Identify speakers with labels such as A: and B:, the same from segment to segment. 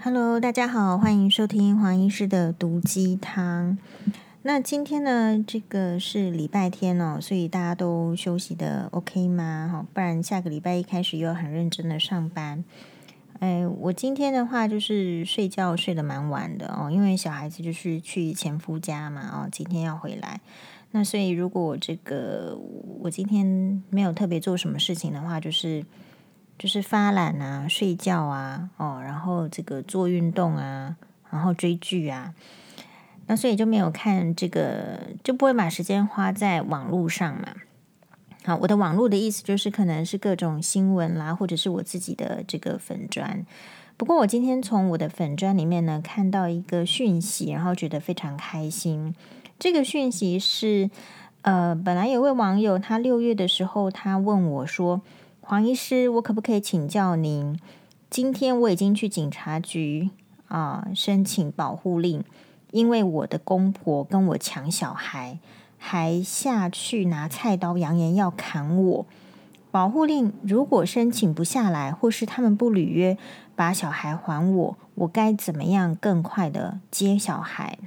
A: Hello，大家好，歡迎收聽黃醫師的毒雞湯。那今天呢，這個是禮拜天哦，所以大家都休息的 OK 嗎？好，哦，不然下個禮拜一開始又要很認真的上班。哎，我今天的話就是睡覺睡得蠻晚的哦，因為小孩子就是去前夫家嘛，哦，今天要回來，那所以如果我這個我今天沒有特別做什麼事情的話，就是。就是發懶啊，睡覺啊，哦，然後這個做運動啊，然後追劇啊，那所以就沒有看這個，就不會把時間花在網絡上嘛。好，我的網絡的意思就是可能是各種新聞啦，或者是我自己的這個粉專。不過我今天從我的粉專裡面呢，看到一個訊息，然後覺得非常開心。這個訊息是，呃，本來有位網友他六月的時候，他問我說。黃醫師，我可不可以請教您？今天我已經去警察局啊、呃、申請保護令，因為我的公婆跟我搶小孩，還下去拿菜刀，揚言要砍我。保護令如果申請不下來，或是他們不履約，把小孩還我，我該怎麼樣更快的接小孩？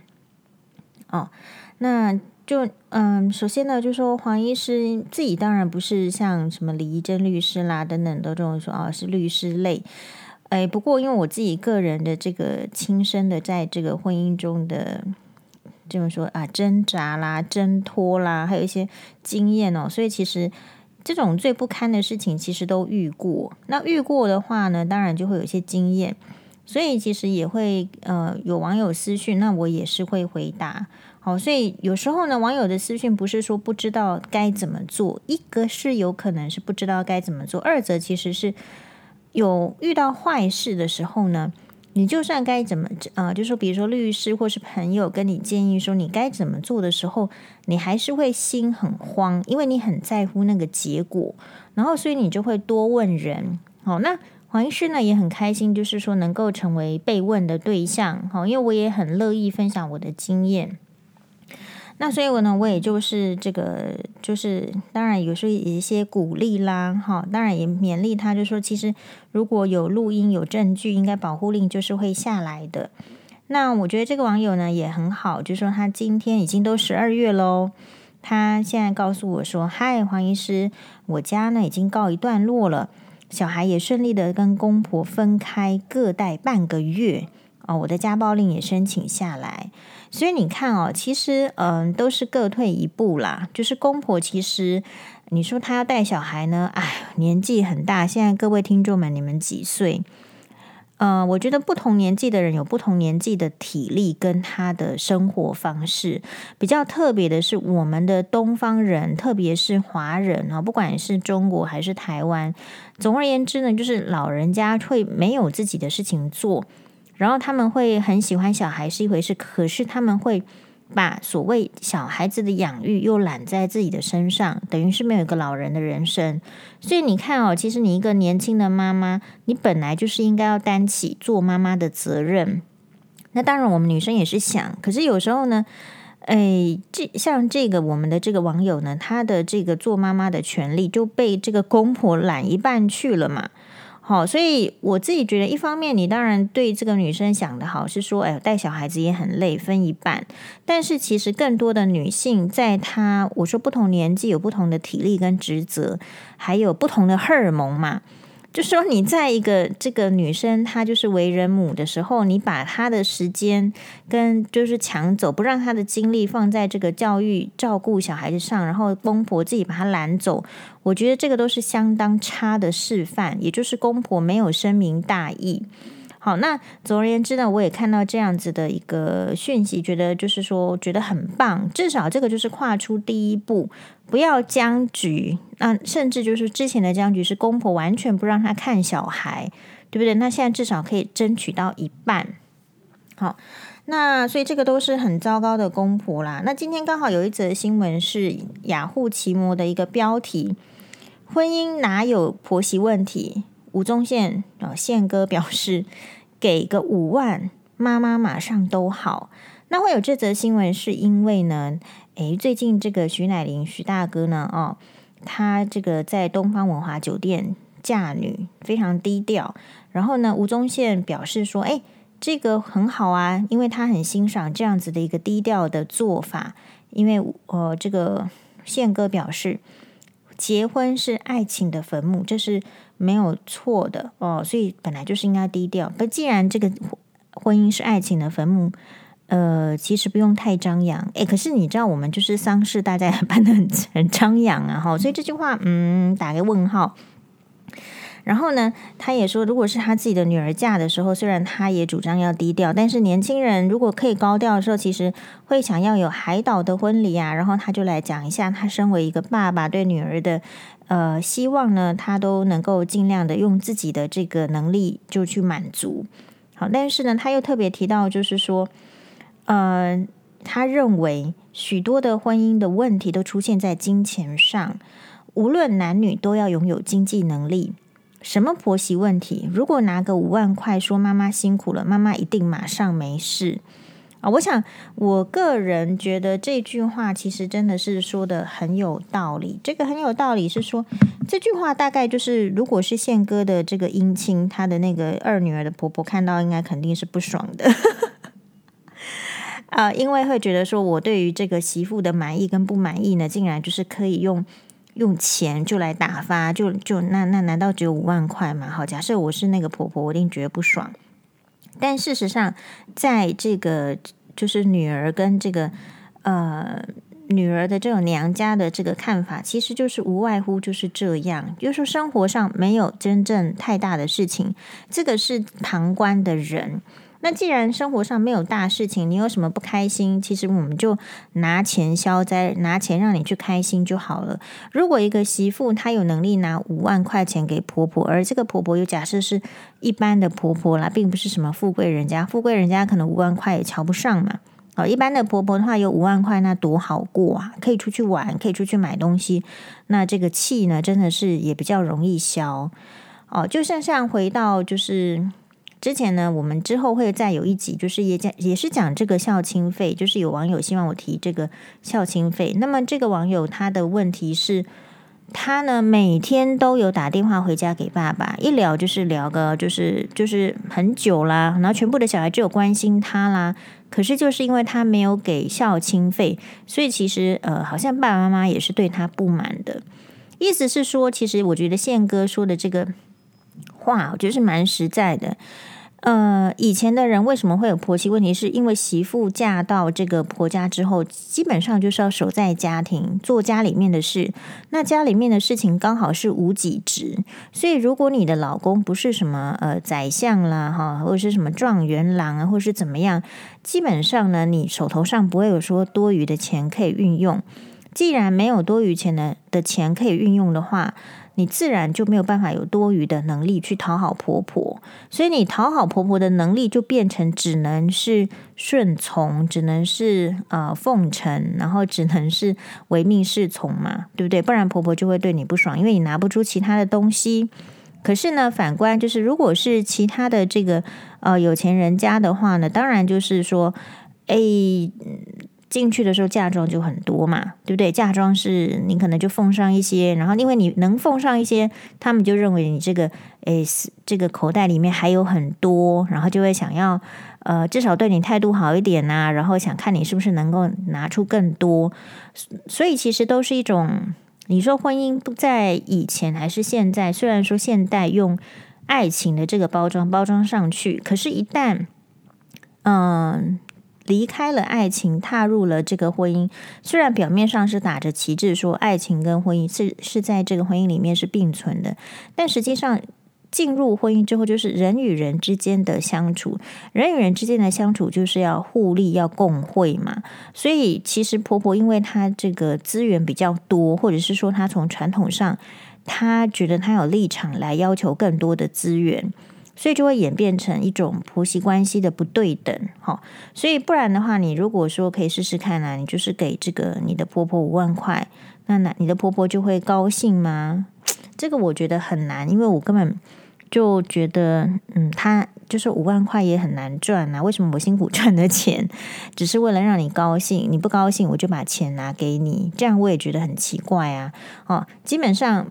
A: 哦，那。就嗯，首先呢，就說黃醫師自己當然不是像什麼李怡貞律師啦等等的這種說啊、哦，是律師類。哎，不過因為我自己個人的這個親身的在這個婚姻中的這種說啊掙扎啦、掙脫啦，還有一些經驗哦，所以其實這種最不堪的事情其實都遇過。那遇過的話呢，當然就會有一些經驗，所以其實也會呃有網友私訊，那我也是會回答。好，所以有時候呢，網友的私訊不是說不知道該怎麼做，一個是有可能是不知道該怎麼做，二則其實是有遇到壞事的時候呢，你就算該怎麼啊、呃，就是、說比如說律師或是朋友跟你建議說你該怎麼做的時候，你還是會心很慌，因為你很在乎那個結果，然後所以你就會多問人。好，那黃醫師呢也很開心，就是說能夠成為被問的對象，好，因為我也很樂意分享我的經驗。那所以，我呢，我也就是這個，就是當然有時候一些鼓勵啦，哈，當然也勉勵他，就是說其實如果有錄音有證據，應該保護令就是會下來的。那我覺得這個網友呢也很好，就是說他今天已經都十二月嘍，他現在告訴我說，嗨，黃醫師，我家呢已經告一段落了，小孩也順利的跟公婆分開，各待半個月。哦，我的家暴令也申請下來，所以你看哦，其實嗯、呃，都是各退一步啦。就是公婆，其實你說她要帶小孩呢，哎，年紀很大。現在各位聽眾們，你們幾歲？嗯、呃，我覺得不同年紀的人有不同年紀的體力跟他的生活方式。比較特別的是，我們的東方人，特別是華人啊、哦，不管是中國還是台灣，總而言之呢，就是老人家會沒有自己的事情做。然後他們會很喜歡小孩是一回事，可是他們會把所謂小孩子的養育又攬在自己的身上，等於是沒有一個老人的人生。所以你看哦，其實你一個年輕的媽媽，你本來就是應該要擔起做媽媽的責任。那當然，我們女生也是想，可是有時候呢，誒、哎、這像這個我們的這個網友呢，她的這個做媽媽的權利就被這個公婆攬一半去了嘛。好，所以我自己覺得，一方面你當然對這個女生想的好是說，哎，帶小孩子也很累，分一半。但是其實更多的女性，在她我說不同年紀有不同的體力跟職責，還有不同的荷爾蒙嘛。就說你在一個這個女生，她就是為人母的時候，你把她的時間跟就是搶走，不讓她的精力放在這個教育照顧小孩子上，然後公婆自己把她攔走，我覺得這個都是相當差的示範，也就是公婆沒有深明大義。好，那總而言之呢，我也看到這樣子的一個訊息，覺得就是說，覺得很棒，至少這個就是跨出第一步，不要僵局。那、呃、甚至就是之前的僵局是公婆完全不讓她看小孩，對不對？那現在至少可以爭取到一半。好，那所以這個都是很糟糕的公婆啦。那今天剛好有一則新聞是雅虎奇摩的一個標題：婚姻哪有婆媳問題？吳宗憲啊，呃，憲哥表示給個五萬，媽媽馬上都好。那會有這則新聞，是因為呢，誒最近這個徐乃麟徐大哥呢，哦，他這個在東方文華酒店嫁女，非常低調。然後呢，吳宗憲表示說，哎，這個很好啊，因為他很欣賞這樣子的一個低調的做法。因為呃，這個憲哥表示。結婚是愛情的墳墓，這是沒有錯的哦，所以本來就是應該低調。不，既然這個婚姻是愛情的墳墓，呃，其實不用太張揚。哎，可是你知道，我們就是喪事，大家也辦得很很張揚啊，哈。所以這句話，嗯，打個問號。然後呢，他也說，如果是他自己的女兒嫁的時候，雖然他也主張要低調，但是年輕人如果可以高調的時候，其實會想要有海島的婚禮啊。然後他就來講一下，他身為一個爸爸對女兒的呃希望呢，他都能夠盡量的用自己的這個能力就去滿足。好，但是呢，他又特別提到，就是說，呃，他認為許多的婚姻的問題都出現在金錢上，無論男女都要擁有經濟能力。什麼婆媳問題？如果拿個五萬塊說媽媽辛苦了，媽媽一定馬上沒事啊！我想，我個人覺得這句話其實真的是說的很有道理。這個很有道理是說，這句話大概就是，如果是憲哥的這個姻親，他的那個二女兒的婆婆看到，應該肯定是不爽的啊、 呃，因為會覺得說，我對於這個媳婦的滿意跟不滿意呢，竟然就是可以用。用錢就來打發，就就那那難道只有五萬塊嗎？好，假設我是那個婆婆，我一定覺得不爽。但事實上，在這個就是女兒跟這個呃女兒的這種娘家的這個看法，其實就是無外乎就是這樣，就是生活上沒有真正太大的事情，這個是旁觀的人。那既然生活上沒有大事情，你有什麼不開心？其實我們就拿錢消災，拿錢讓你去開心就好了。如果一個媳婦她有能力拿五萬塊錢給婆婆，而這個婆婆又假設是一般的婆婆啦，並不是什麼富貴人家，富貴人家可能五萬塊也瞧不上嘛。哦，一般的婆婆的話有五萬塊，那多好過啊，可以出去玩，可以出去買東西，那這個氣呢，真的是也比較容易消。哦，就像像回到就是。之前呢，我們之後會再有一集，就是也講也是講這個孝親費，就是有網友希望我提這個孝親費。那麼這個網友他的問題是，他呢每天都有打電話回家給爸爸，一聊就是聊個就是就是很久啦，然後全部的小孩只有關心他啦，可是就是因為他沒有給孝親費，所以其實呃，好像爸爸媽媽也是對他不滿的。意思是說，其實我覺得憲哥說的這個。話我覺得是蠻實在的，呃，以前的人為什麼會有婆媳問題？是因為媳婦嫁到這個婆家之後，基本上就是要守在家庭，做家裡面的事。那家裡面的事情剛好是無給職，所以如果你的老公不是什麼呃宰相啦，哈，或者是什麼狀元郎啊，或是怎麼樣，基本上呢，你手頭上不會有說多餘的錢可以運用。既然沒有多餘錢的的錢可以運用的話，你自然就沒有辦法有多餘的能力去討好婆婆，所以你討好婆婆的能力就變成只能是順從，只能是呃奉承，然後只能是唯命是從嘛，對不對？不然婆婆就會對你不爽，因為你拿不出其他的東西。可是呢，反觀就是如果是其他的這個呃有錢人家的話呢，當然就是說，誒。進去的時候嫁妝就很多嘛，對不對？嫁妝是你可能就奉上一些，然後因為你能奉上一些，他們就認為你這個誒，這個口袋裡面還有很多，然後就會想要呃，至少對你態度好一點吶、啊，然後想看你是不是能夠拿出更多，所以其實都是一種你說婚姻不在以前還是現在，雖然說現在用愛情的這個包裝包裝上去，可是，一旦嗯。離開了愛情，踏入了這個婚姻。雖然表面上是打着旗幟說愛情跟婚姻是是在這個婚姻裡面是並存的，但實際上進入婚姻之後，就是人與人之間的相處。人與人之間的相處就是要互利，要共惠嘛。所以其實婆婆因為她這個資源比較多，或者是說她從傳統上，她覺得她有立場來要求更多的資源。所以就會演變成一種婆媳關係的不對等，哈。所以不然的話，你如果說可以試試看啊，你就是給這個你的婆婆五萬塊，那那你的婆婆就會高興嗎？這個我覺得很難，因為我根本就覺得，嗯，她就是五萬塊也很難賺吶、啊。為什麼我辛苦賺的錢只是為了讓你高興？你不高興，我就把錢拿給你，這樣我也覺得很奇怪啊。哦，基本上，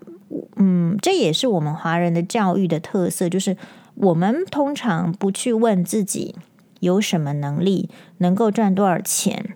A: 嗯，這也是我們華人的教育的特色，就是。我們通常不去問自己有什麼能力，能夠賺多少錢。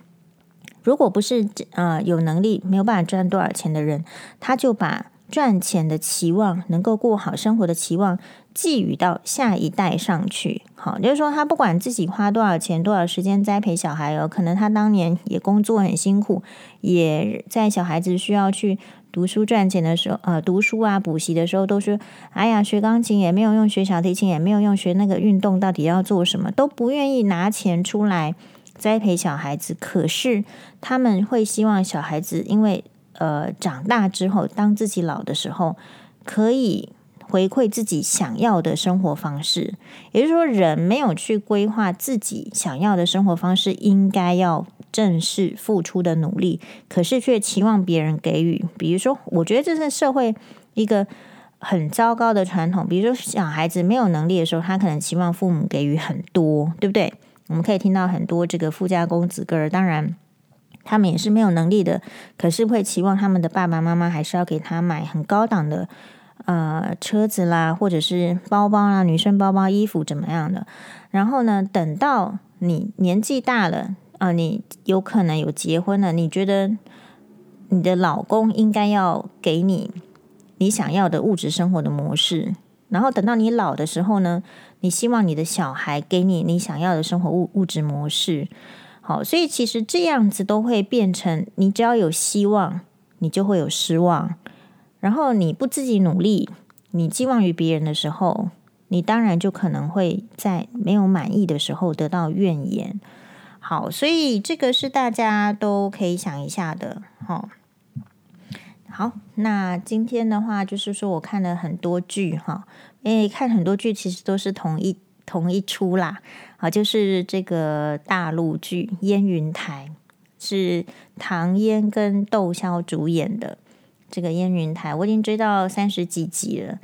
A: 如果不是啊、呃、有能力沒有辦法賺多少錢的人，他就把賺錢的期望、能夠過好生活的期望寄予到下一代上去。好，就是說他不管自己花多少錢、多少時間栽培小孩哦，可能他當年也工作很辛苦，也在小孩子需要去。讀書賺錢的時候，呃，讀書啊，補習的時候都說，都是哎呀，學鋼琴也沒有用，學小提琴也沒有用，學那個運動到底要做什麼，都不願意拿錢出來栽培小孩子。可是他們會希望小孩子，因為呃，長大之後，當自己老的時候，可以回饋自己想要的生活方式。也就是說，人沒有去規劃自己想要的生活方式，應該要。正式付出的努力，可是卻期望別人給予。比如說，我覺得這是社會一個很糟糕的傳統。比如說，小孩子沒有能力的時候，他可能期望父母給予很多，對不對？我們可以聽到很多這個富家公子哥兒，當然他們也是沒有能力的，可是會期望他們的爸爸媽媽還是要給他買很高檔的呃車子啦，或者是包包啦，女生包包、衣服怎麼樣的。然後呢，等到你年紀大了。你有可能有結婚了？你覺得你的老公應該要給你你想要的物質生活的模式，然後等到你老的時候呢，你希望你的小孩給你你想要的生活物物質模式。好，所以其實這樣子都會變成，你只要有希望，你就會有失望。然後你不自己努力，你寄望於別人的時候，你當然就可能會在沒有滿意的時候得到怨言。好，所以這個是大家都可以想一下的，哈、哦。好，那今天的話就是說我看了很多劇，哈，因為看很多劇其實都是同一同一齣啦，啊，就是這個大陸劇《燕雲台》是唐嫣跟竇驍主演的，這個《燕雲台》我已經追到三十幾集了，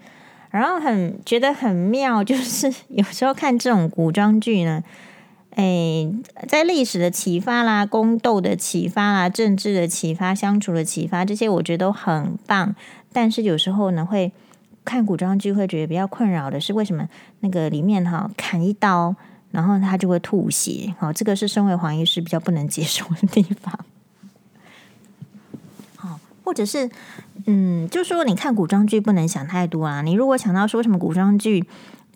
A: 然後很覺得很妙，就是有時候看這種古裝劇呢。哎，在歷史的啟發啦，宮鬥的啟發啦，政治的啟發，相處的啟發，這些我覺得都很棒。但是有時候呢，會看古裝劇會覺得比較困擾的是，為什麼那個裡面哈砍一刀，然後他就會吐血？哦，這個是身為黃醫師比較不能接受的地方。哦，或者是嗯，就說你看古裝劇不能想太多啊。你如果想到說什麼古裝劇。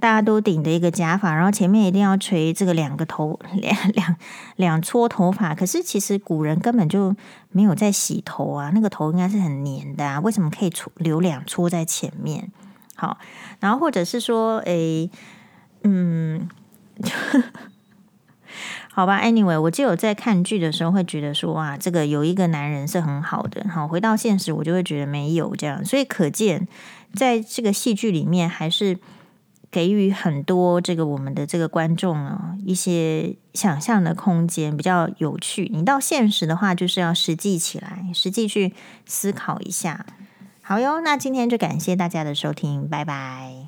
A: 大家都頂着一個假髮，然後前面一定要垂這個兩個頭兩兩兩撮頭髮。可是其實古人根本就沒有在洗頭啊，那個頭應該是很黏的啊。為什麼可以撮留兩撮在前面？好，然後或者是說，哎、欸，嗯， 好吧。Anyway，我就有在看劇的時候會覺得說、啊，哇，這個有一個男人是很好的。好，回到現實，我就會覺得沒有這樣。所以可見，在這個戲劇裡面還是。給予很多這個我們的這個觀眾啊、哦、一些想象的空間，比較有趣。你到現實的話，就是要實際起來，實際去思考一下。好喲，那今天就感謝大家的收聽，拜拜。